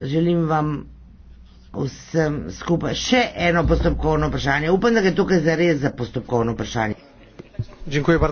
želim vam vsem skupaj še eno postopkovno vprašanje. Upam, da ga tukaj zares za postopkovno vprašanje.